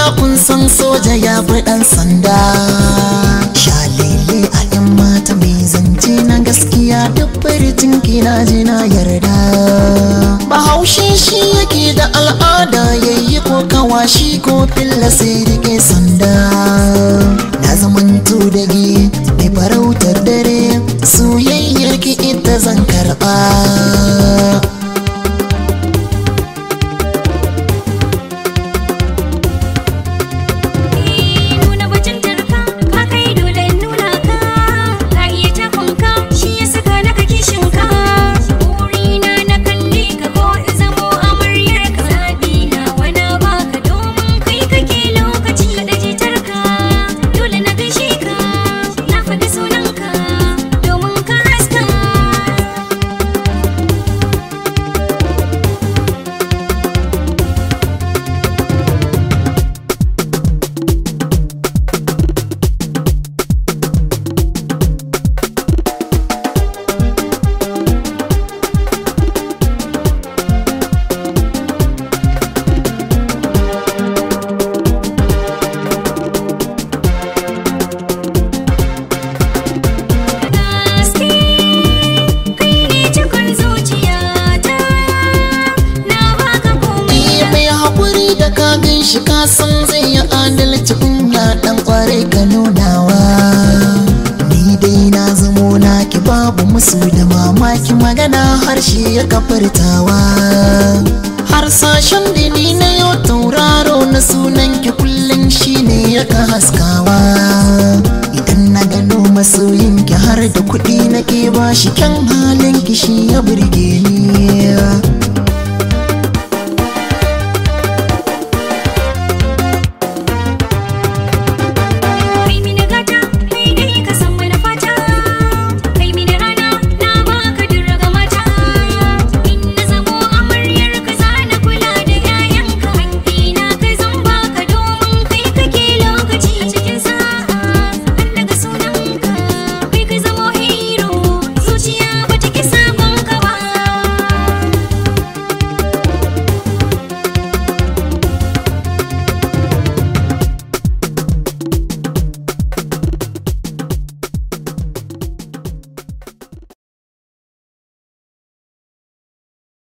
ya kun san soja ya fi ɗan sanda shalele a yan mata mai zance na gaskiya duk farcin na ji na yarda bahaushe shi yake da al'ada yayi ko kawashi ko filla sai rike sanda ka gan shi ka san zai yi adalci ina dan kware ka nunawa ni dai na zamo na ki babu musu da mamaki magana harshe ya kafartawa har sashen dini na yau tauraro na sunan ki kullum shine ya ka haskawa idan na gano masoyin ki har da kuɗi na ke ba shi kyan halin ki shi ya burge ni